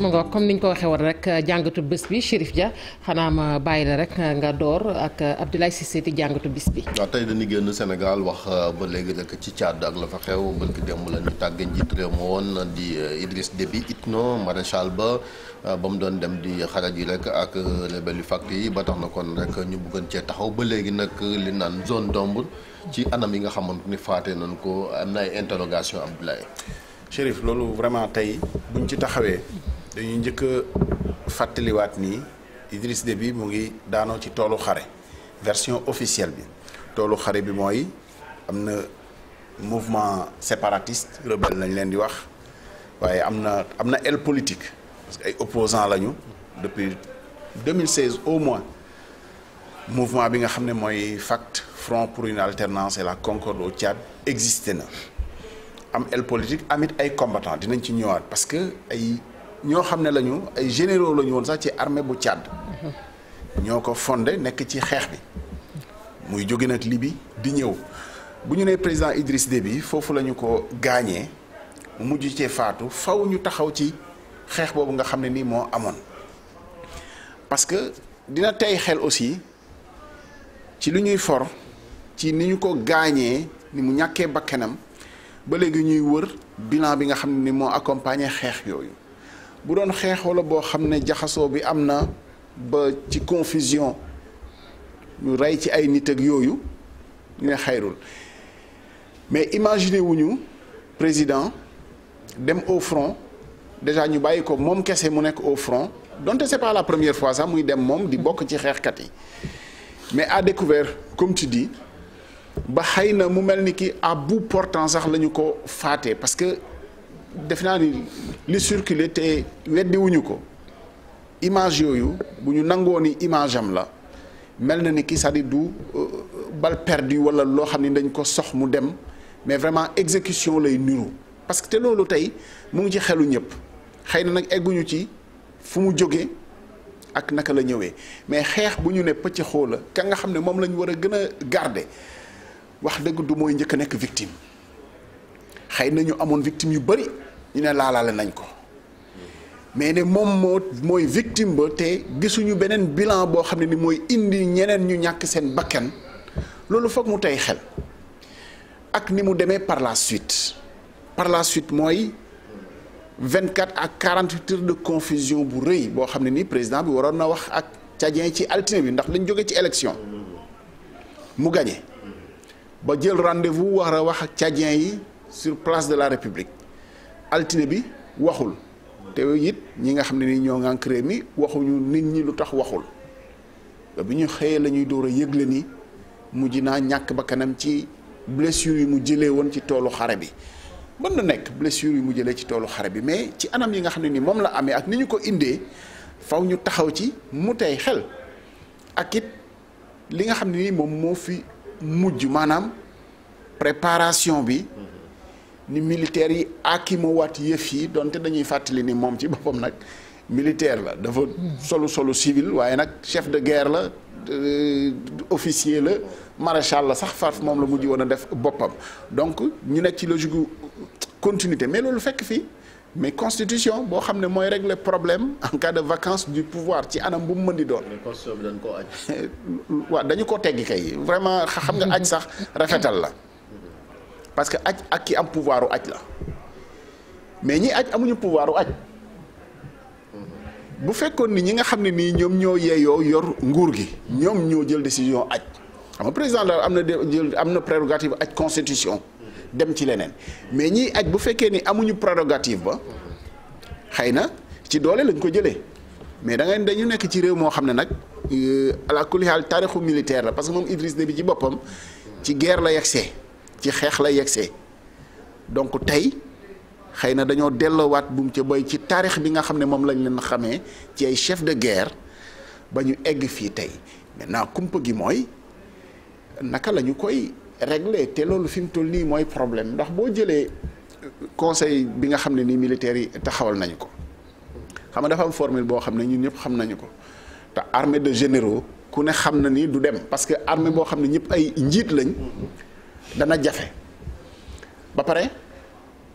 mu nga comme niñ ko waxee woon rek jàngatu bés bi Chérif Dia xanaa ma bàyyi la rek nga door ak Abdoulaye si seeti jàngatu bés bi. waaw tey dañuy génn Sénégal wax euh, ba léegi rek ci Tchad ak la fa xew ba démb la ñu tàgge njiit réew ma woon di euh, Idriss Déby no maréchal ba euh, ba mu doon dem di xaraj yi rek ak rebelle yu fàq yi ba tax na kon rek ñu bëggoon cee taxaw ba léegi nag li naan zone d'ombre ci anam yi nga xamante ni faatee nañ ko am na ay interrogation Abdoulaye. Chérif loolu vraiment tey buñ ci taxawee. dañuy njëkk a fàttaliwaat nii Idriss bi mu ngi daanoo ci toolu xare version officielle bi toolu xare bi mooy am na mouvement séparatiste rebelle lañ leen di wax waaye am na am na aile politique parce que ay opposants lañu depuis 2016 au moins mouvement bi nga xam ne mooy FACT Front pour une alternance et la concorde au Tchad existé na am aile politique amit ay combattants dinañ ci ñëwaat parce que ay ñoo xam ne lañu ay généraux lañu woon sax ci armée bu Tchad. ñoo ko fondé nekk ci xeex bi muy jóge nag Libye di ñëw bu ñu nee président Idriss Déby foofu la ñu ko gaañee mu mujj cee faatu faw ñu taxaw ci xeex boobu nga xam ne nii moo amoon parce que dina tey xel aussi ci li ñuy for ci ni ñu ko gaañee ni mu ñàkkee bakkenam ba léegi ñuy wër bilan bi nga xam ne ni moo accompagné xeex yooyu bu doon xeexoo la boo xam ne jaxasoo bi am na ba ci confusion ñu rey ci ay nit ak yooyu ñu ne xayrul mais imaginer wu ñu président dem au front déjà ñu bàyyi ko moom kese mu nekk au front donte c'est pas la première fois sax muy dem moom di bokk ci xeexkat yi mais à découvert comme tu di ba xëy na mu mel ni ki à bout portant sax la ñu ko faatee parce que def naa ni li circulé te weddiwuñu ko image yooyu bu ñu nangoo ni image la mel na ni ki c'est-à-dire du euh, bal perdu wala loo xam ni dañ ko sox mu dem mais vraiment exécution lay niru parce que te loolu tey mu ngi ci xelu ñëpp xëy na nag egguñu ci fu mu jóge ak naka la ñëwee mais xeex bu ñu ne pëcc xoo la ka nga xam ne moom la ñu war a gën a garde wax dëgg du mooy njëkk nekk victime xëy nañu amoon victime yu bëri ñu ne laalaale nañ ko mais ne moom moo mooy victime ba te gisuñu beneen bilan boo xam ne ni mooy indi ñeneen ñu ñàkk seen bakkan loolu foog mu tey xel ak ni mu demee par la suite par la suite mooy 24 ak 48 heures de confusion bu rëy boo xam ne ni président bi waroon na wax ak Tchadien ci altine bi ndax dañ jóge ci élection mu gagné ba jël rendez-vous war a wax ak Tchadien yi. sur place de la république altine bi waxul te it ñi nga xam ne nii ñoo ngànk réew mi waxuñu nit ñi lu tax waxul ba bi ñu xëyee la ñuy door a yëgle ni mujj naa ñàkk ba kanam ci blessure yi mu jëlee woon ci toolu xare bi mën na nekk blessure yi mu jëlee ci toolu xare bi mais ci anam yi nga xam ne nii moom la amee ak ni ñu ko indee faw ñu taxaw ci mu tey xel ak it li nga xam ne ni moom moo fi mujj maanaam préparation bi ni militaire yi wat yëf yi donte dañuy fàttali ni moom ci boppam nag militaire la dafa solu solu civil waaye nag chef de guerre la euh, officier la maréchal la sax far moom la mujj woon a def boppam donc ñu nekk ci logique continuité mais loolu fekk fii mais constitution boo xam ne mooy régler problème en cas de vacance du pouvoir ci anam bu mu mën di doon. mais constitution bi dañ waaw dañu ko teggi kay vraiment xam nga aj sax rafetal la. parce que aj ak ki am pouvoir u la mais ñi aj amuñu pouvoir u bu fekkoon ni ñi nga xam ne nii ñoom ñoo yeeyoo yor nguur gi ñoom ñoo jël décision aj xam nga président daal am na jël am na prérogative aj constitution dem ci leneen mais ñiy aj bu fekkee ni amuñu prérogative ba xëy na ci doole lañ ko jëlee mais da dañu nekk ci réew moo xam ne nag euh, ala kulli xaal taarixu militaire la parce que moom Idriss bi ci boppam ci guerre la yegsee ci xeex la yegsee donc tey xëy na dañoo delloowaat buum ca boy ci taarix bi nga xam ne moom lañ leen xamee ci ay chef de guerre ba ñu egg fii tey maintenant kumpa gi mooy naka lañu koy régler te loolu fi mu toll lii mooy problème ndax boo jëlee conseil bi nga xam ne nii militaire yi taxawal nañu ko xam nga dafa am formule boo xam ne ñun ñëpp xam nañu ko te armée de généraux ku ne xam na ni du dem parce que armée boo xam ne ñëpp ay njiit lañ. dana jafe ba pare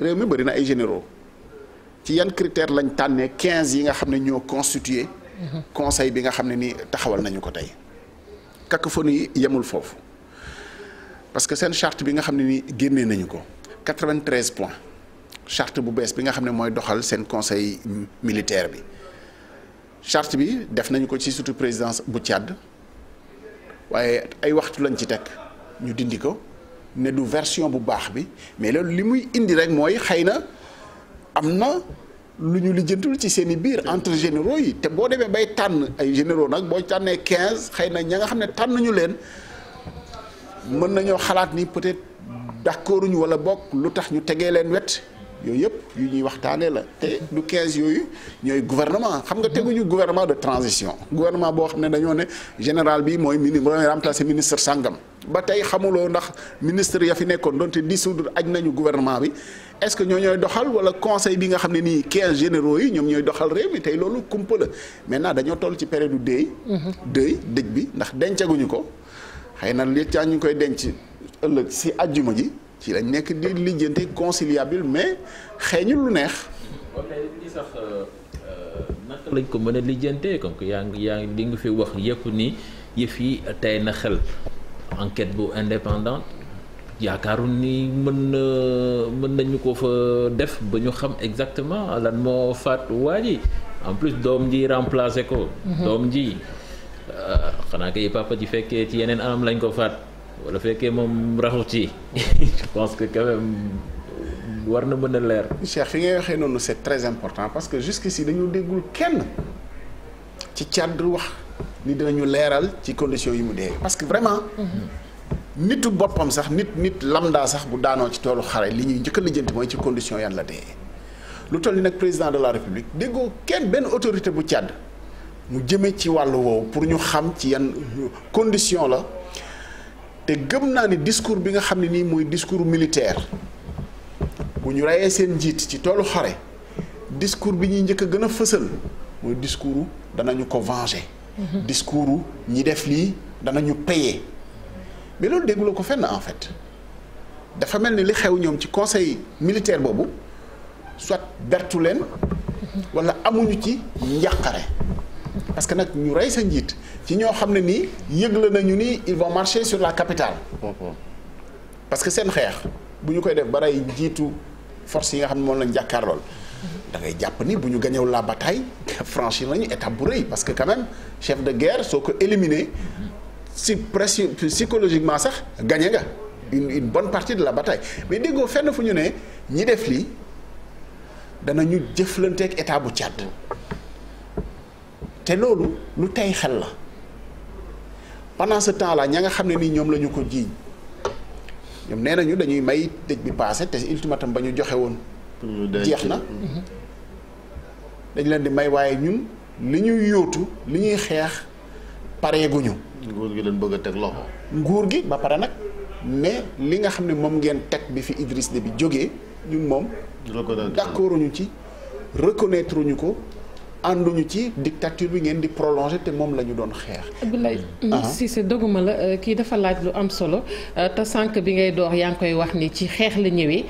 réew mi bëri na ay généraux ci yan critère lañ tànnee quinze yi nga xam ne ñoo constitué conseil bi nga xam ne ni taxawal nañu ko tey cacophonie yi yemul foofu parce que seen charte bi nga xam ne ni génnee nañu ko 93 points charte bu bees bi nga xam ne mooy doxal seen conseil militaire bi charte bi def nañu ko ci surtout présidence bu Tchad waaye ay waxtu lañ ci teg ñu dindi ko ne du version bu baax bi mais loolu li muy indi rek mooy xëy na am na lu ñu lijjantul ci seen i biir entre généraux yi te boo demee bay tànn ay généraux nag boo tànnee quinze xëy na ña nga xam ne tànn ñu leen mën nañoo xalaat ni peut-être d'accord ñu wala bokk lu tax ñu tegee leen wet yooyu yëpp yu ñuy waxtaanee la te du 15 yooyu ñooy gouvernement xam nga teguñu gouvernement de transition gouvernement boo xam ne dañoo ne général bi mooy mini mooy ministre sàngam ba tey xamuloo ndax ministre ya fi nekkoon donte dissoudre aj nañu gouvernement bi est-ce que ñoo ñooy doxal wala conseil bi nga xam ne ni quinze généraux yi ñoom ñooy doxal réew mi tey loolu kumpa la maintenant dañoo toll ci période dëy mhm. dëy dëj bi ndax dencaguñu ko xëy na li caa ñu koy denc ëllëg si ajjuma ji ci lañ nekk di lijjante conciliable mais xeeñul lu neex. sax euh, euh, naka lañ ko mën a lijjante comme que yaa ngi yaa li nga fi wax yëpp ni yëf yi tey na xel. enquête bu indépendante yaakaarul nii mën na mën nañu ko fa def ba ñu xam exactement lan moo faat waa ji en plus doom ji remplacé ko. Mhm. doom ji euh, xanaa kay papa ji fekkee ci yeneen anam lañ ko faat wala fekkee moom raxu yi je pense que quand même. war na mën a leer. Cheikh fi ngay waxee noonu c'est très important parce que jusqu'ici dañu déggul kenn ci cadre wax ni dinañu leeral ci conditions yi mu dee parce que vraiment. nitu boppam sax nit nit lambda sax bu daanoo ci toolu xare li ñuy njëkk a mooy ci condition yan la dee. lu toll ni nag président de la république déggoo kenn benn autorité bu càdd mu jëmee ci wàll woowu pour ñu xam ci yan condition la te gëm naa ni discours bi nga xam ne nii mooy discours militaire bu ñu reyee seen njiit ci toolu xare discours bi ñuy njëkk a gën a fësal mooy discours danañu ko venger. discours ñi def lii danañu payer mais loolu dégguloo ko fenn en fait dafa mel ni li xew ñoom ci conseil militaire boobu soit bertu leen wala amuñu ci njàqare parce que nag ñu rey sa njiit ci ñoo xam ne nii yëgle nañu ni ils vont marcher sur la capitale. parce que seen xeex bu ñu koy def ba rey njiitu force yi nga xam ne moom lañ jàkkaar lool da ngay jàpp ni bu ñu gañew la bataille franchir nañu étape bu rëy parce que quand chef de guerre soo ko éliminé si pression psychologiquement sax gañe nga une une bonne partie de la bataille mais déggoo fenn fu ñu ne ñi def lii danañu jëflanteek état bu Tchad te loolu lu tey xel la pendant ce temps là ña nga xam ne nii ñoom lañu ko jiiñ ñoom nee nañu dañuy may dëj bi passé te ultimatum ba ñu joxe woon. jeex na dañ leen di may waaye ñun li ñuy yootu li ñuy xeex pareeguñu nguur gi leen bëgg a teg loxo nguur gi ba pare nag mais li nga xam ne moom ngeen teg bi fi Idriss bi jógee ñun moom d'accorduñu ci reconnaître ñu ko ànduñu ci dictature bi ngeen di prolongé te moom lañu doon xeex. Abdoulaye ah. Cissé doguma la euh, kii dafa laaj lu am solo euh, te sànq bi ngay door yaa ngi koy wax ni ci xeex la ñëwee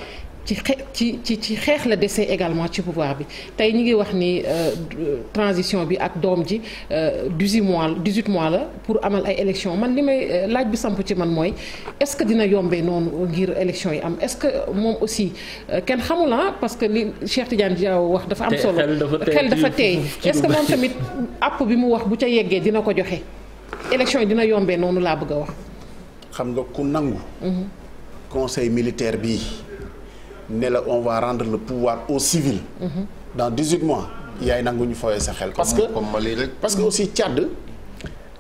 ci xe ci ci xeex la dese également ci pouvoir bi tey ñu ngi wax ni euh, transition bi ak doom ji 18 euh, mois 18 mois la pour amal ay élection man li may euh, laaj bi samp ci man mooy est-ce que dina yombee noonu ngir élection yi am est-ce que moom aussi kenn xamula ah, parce que li Cheikh Tidiane Diaw wax dafa am solo xel dafa teey est-ce moom tamit àpp bi mu wax bu ca yeggee dina ko joxe élection yi dina yombee noonu laa bëgg a wax xam nga ku nangu mhm. conseil militaire bii ne la on va rendre le pouvoir aux civils. Mhm. dans dix-huit mois. yaay nangu ñu fooyee sa xel. parce que comme Mali rek. parce que aussi Tchad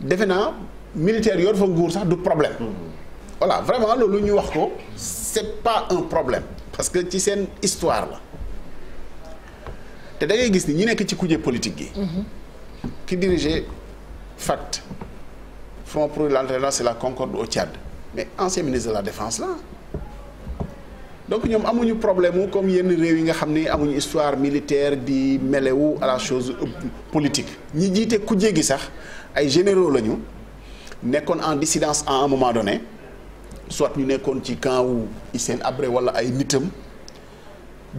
defe naa militaire yor fa nguur sax du problème. Mhm. voilà vraiment loolu ñu wax ko c'est pas un problème parce que ci seen histoire la te da gis ni ñi nekk ci kuje politique gi. Mhm. ki dirige FAT Front pour l'alternance et la concorde au Tchad mais ancien ministre de la défense là. donc ñoom amuñu problème wu comme yenn réew yi nga xam ne amuñu histoire militaire di melewu à la chose euh, politique ñi jiite ku jéggi sax ay généraux lañu nekkoon en dissidence en un moment donné soit ñu nekkoon ci camp wu Hissène Habré wala ay nitam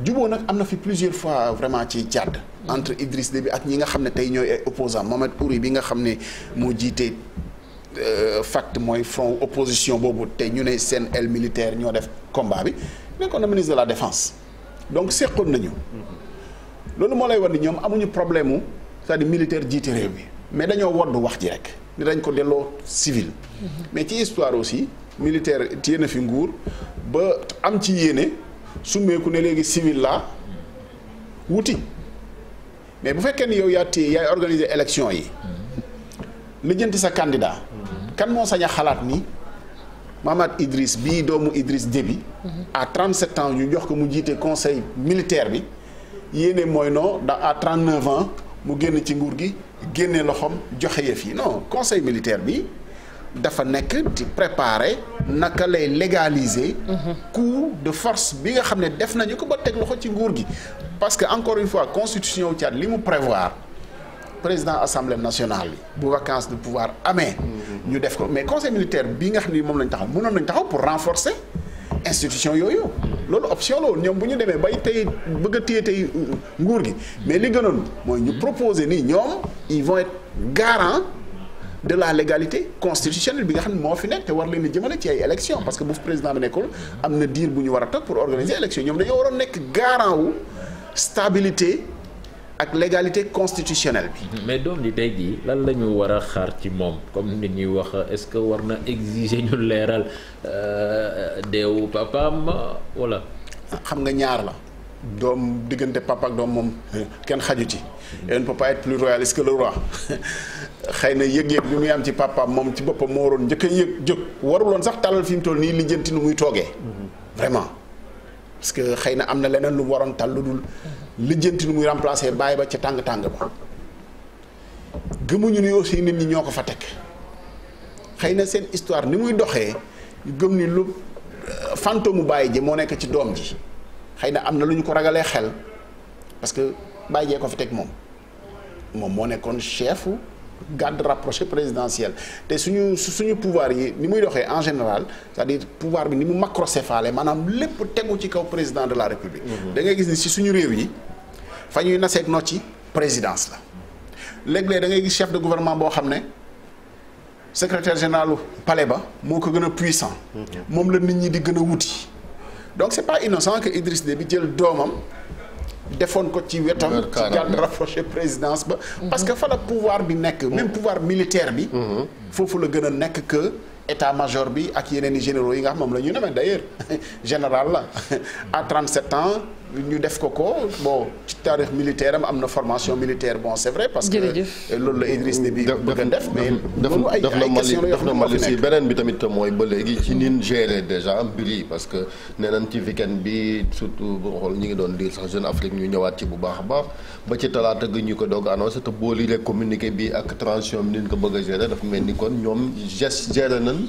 juboo nag am na fi plusieurs fois vraiment ci Tchad entre Idriss Déby ak ñi nga xam ne tey ñooy ay opposants Mohamed Ouri bi nga xam ne moo jiite euh, fact mooy front opposition boobu tey ñu ne seen aile militaire ñoo def combat bi nekkoon na ministre de la defence donc seqoon nañu. loolu moo lay war ni ñoom amuñu problème mu c'est-à-dire militaire jiite réew mi mais dañoo wodd wax ji rek ni dañ ko delloo civil. mais ci histoire aussi militaire téye na fi nguur ba am ci yéene summeeku ne léegi civil la wuti mais bu fekkee ni yow yaa téye yaay organiser élection yi lijjanti sa candidat kan moo sañ xalaat ni. Mahamad Idriss bii doomu Idriss Déby à 37 ans yu jox ko mu jiite conseil militaire bi yéene mooy no da à 39 ans mu génn ci nguur gi génne loxoom joxe yëf yi non conseil militaire bi dafa nekk di préparer naka lay légaliser. coup de force bi nga xam ne def nañu ko ba teg loxo ci nguur gi. parce que encore une fois constitution wu Tchad li mu prévoir. président assemblée nationale bu vacance de pouvoir amee. ñu def ko mais conseil militaire bi nga xam ni moom lañ taxaw mënoon nañ taxaw pour renforcer institution yooyu. loolu option la woon ñoom bu ñu demee bay tey bëgg a téye tey euh, nguur gi mais li gën gënoon mooy ñu proposer ni ñoom ils vont être de la légalité constitutionnelle bi nga xam ne moo fi nekk te war leen a jëmale ci ay élections parce que bu président bi nekkul am na diir bu ñu war a toog pour organiser élection ñoom dañoo waroon nekk garant wu stabilité. ak légalité constitutionnelle bi. Mm-hmm. mais doom ji tey jii lan la ñu war a xaar ci moom comme ni ñuy wax est-ce que war na exiger ñu leeral euh, deewu papaam wala. xam nga ñaar la. doom diggante papa doom moom kenn xaju ci. Mm-hmm. et on ne peut pas être plus que le roi xëy na yëg-yëg bi muy am ci papaam moom ci boppam moo waroon njëkk a yëg jóg waruloon sax talal fi mu toll nii lijjanti nu muy toogee. Mm-hmm. vraiment. parce que xëy na am na leneen lu waroon tal lu dul lijjanti nu muy remplacer bàyyi ba ca tàng-tàng ba gëmuñu ni aussi nit ñi ñoo ko fa teg xëy na seen histoire ni muy doxee ñu gëm ni lu euh, fantôme bàyyi ji moo nekk ci doom ji xëy na am na lu ñu ko ragalee xel parce que bàyyi jee ko fa teg moom moom moo nekkoon chefu garde rapproché présidentielle te suñu suñu pouvoir yi ni muy doxee en général c'est-à-dire pouvoir bi ni mu macrocéphale maanaam lépp tegu ci kaw président de la république mhm. da ngay gis ni si suñu réew yi fa ñuy naseeg no ci présidence la léeg-léeg da ngay gis chef de gouvernement boo xam ne secretaire généralu pale ba moo ko gën a puissant mhm. moom la nit ñi di gën a wuti donc c'est pas innocent que Idriss bi jël doomam defoon ko ci wetam ci garde rapproché présidence ba mhm. parce que fana la pouvoir bi nekk mhm. même pouvoir militaire bi mhm. foofu la gën a nekk que état major bi ak yeneen i généraux yi nga xam moom la ñu nemee d'ailleurs général la à 37 ans ñu def ko ko bon ci taarix militaire am am na formation militaire bon c'est vrai parce que loolu la Idriss Déby bëgg a def mais loolu ay ay question la yoo xam ne moo fi nekk beneen bi tamit mooy ba léegi ci nin gérer déjà mbir yi parce que nee nañ ci weekend bi surtout boo xool ñi ngi doon lire sax Jeune Afrique ñu ñëwaat ci bu baax baax ba ci talaata gi ñu ko doog annoncé te boo lire communiqué bi ak transition bi nin ko bëgg a gérer dafa mel ni kon ñoom gest gérer nañ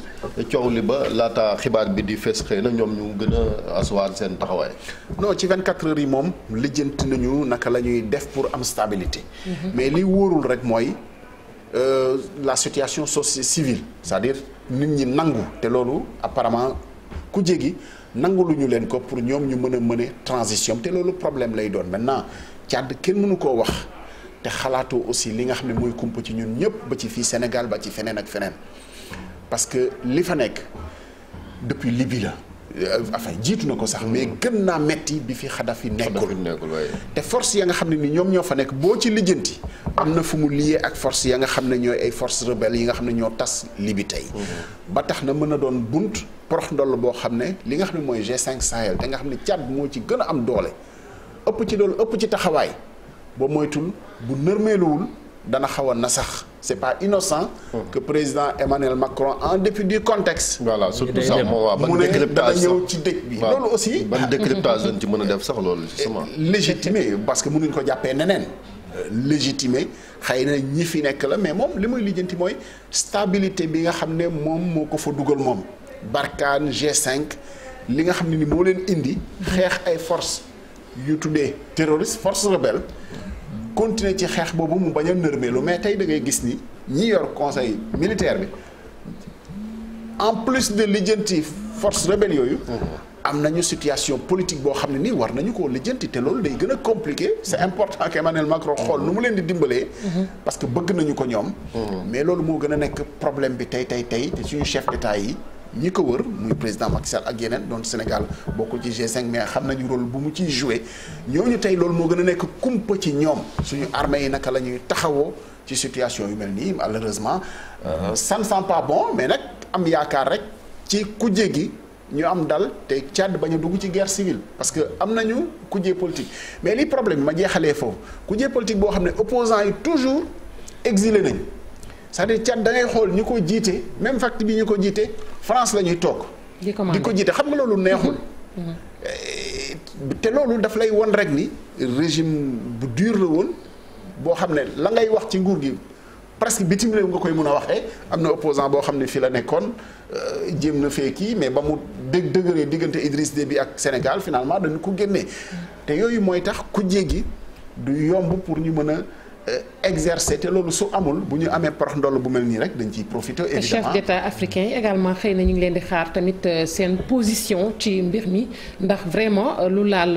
coow li ba laata xibaar bi di fees xëy na ñoom ñu gën a asseoir seen taxawaay 24 yi moom lijjant nañu naka la ñuy def pour am stabilité. Mhm. mais li wóorul rek mooy euh, la situation sociale civile cest à nit ñi nangu te loolu apparemment ku jégi nangu lu ñu leen ko pour ñoom ñu mën a mën a transition te loolu problème lay doon maintenant càdd kenn mënu koo wax te xalaatoo aussi li nga xam ne mooy kumpa ci ñun ñëpp ba ci fii Sénégal ba ci feneen ak feneen parce que li fa nekk depuis Libye la. Euh, enfin jiitu na ko sax mais gën naa metti bi fi Xadafi nekkul te force ya nga xam ne ni ñoom ñoo fa nekk boo ci lijjanti am na fu mu lié ak force ya nga xam ne ñooy ay force rebelle yi nga xam ne ñoo tas libi tey mhm. ba tax na mën a doon bunt porox ndoll boo xam ne li nga xam ne mooy G5 Sahel te nga xam ne Tchad moo ci gën a am doole ëpp ci doole ëpp ci taxawaay ba moytul bu nërmeeluwul dana xaw na sax c'est pas innocent que président Emmanuel Macron en dépit du contexte voilà surtout sax moo waaw ban décryptage ñëw ci dëj bi loolu aussi ban décryptage lañ ci mën a def sax loolu justement légitimé parce que mu mënuñ ko jàppee neneen euh, légitimé xëy na ñi fi nekk la mais moom li muy lijjanti mooy stabilité bi nga xam ne moom moo ko fa dugal moom Barkhane G5 li nga xam ne nii moo leen indi xeex ay force yu tuddee terroriste force rebelle continuer ci xeex boobu mu bañ a nërmeelu mais tey da ngay gis ni ñi yor conseil militaire bi en plus de lijjanti force rebelle yooyu. Mm-hmm. am nañu situation politique boo xam ne nii war nañu ko lijjanti te loolu day gën a compliqué c'est mm-hmm. important que Emmanuel Macron xool nu mu leen di dimbalee. Mm-hmm. parce que bëgg nañu ko ñoom. mais loolu moo gën a nekk problème bi tey tey tey te suñu chef d'État yi. ñi ko wër muy président Macky Sall ak yeneen doon Sénégal bokkul ci G5 mais xam nañu rôle bu mu ciy joué ñooñu tey loolu moo gën a nekk kumpa ci ñoom suñu armée yi naka la ñuy taxawoo ci situation yu mel nii malheureusement euh, ça ne sent pas bon mais nag am yaakaar rek ci kujje gi ñu am dal te Tchad bañ a dugg ci guerre civile parce que am nañu kujje politique mais li problème ma jeexalee foofu kujje politique boo xam ne opposants yi toujours exilé nañ c'est-à-dire Tchad xool ñu ko jiite même fact bi ñu ko jiite France la ñuy toog. di ko jiite xam nga loolu neexul. Mm-hmm. Mm-hmm. Eh, te loolu daf lay won rek ni régime bu dur la woon boo xam ne la ngay wax ci nguur gi presque bitim réew nga koy mun a waxee am na opposant boo xam ne fii la nekkoon euh, jéem na fee kii mais ba mu dëg dëgëree diggante de bi ak Sénégal finalement dañu ko génnee mm-hmm. te yooyu mooy tax ku jéggi du yomb pour ñu mën a. Euh, exercer te loolu su amul bu ñu amee porox ndoll bu mel nii rek dañ ciy profité. évidemment chef d'État africain également xëy na ñu ngi leen di xaar tamit euh, seen position ci mbir mi ndax vraiment euh, lu laal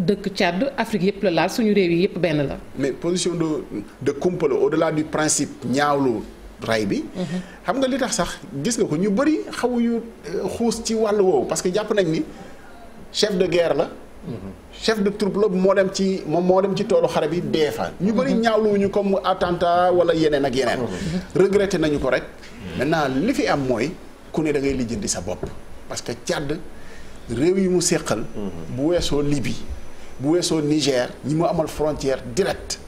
dëkk Tchad Afrique yëpp la laal suñu réew yi yëpp benn la. mais position de de kumpa la au-delà du principe ñaawlu ray bi. Mhm. xam nga li tax sax gis nga ko ñu bëri yu xuus ci wàll woowu parce que jàpp nañ ni chef de guerre la. chef de troupe la moo dem ci moom moo dem ci toolu xare bi dee fa ñu bëri mhm. ñu comme attentat wala yeneen ak yeneen mhm. regretté nañu ko rek maintenant li fi am mooy ku ne da ngay lijjanti sa bopp parce que Tchad réew yi mu séqal mhm. bu weesoo libi bu weesoo Niger ñi mu amal frontière direct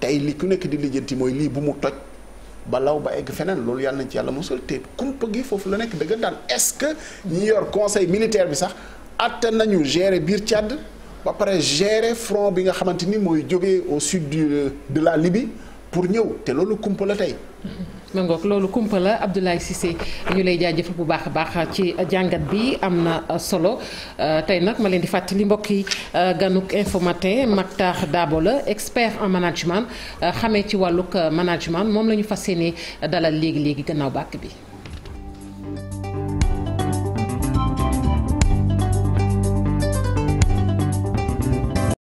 tey li ku nekk di lijjanti mooy lii bu mu toj ba law ba egg feneen loolu yàlla nañ ci yàlla mosal te kumpa gi foofu la nekk dëggantaan est-ce que ñi yor conseil militaire bi sax atte nañu gere biir Tchad ba pare gérer front bi nga xamante ni mooy jóge au sud du de la Libye pour ñëw te loolu kumpa la tey. ma ngoog loolu kumpa la Abdoulaye Cissé ñu lay jaajëfal bu baax a baax ci jàngat bi am na solo euh, tey nag ma leen di fàttali mbokk yi euh, ganuk info matin Mactar Dabo la expert en management euh, xamee ci wàllug management moom la ñu fas yéene dalal léegi léegi gannaaw bàkk bi.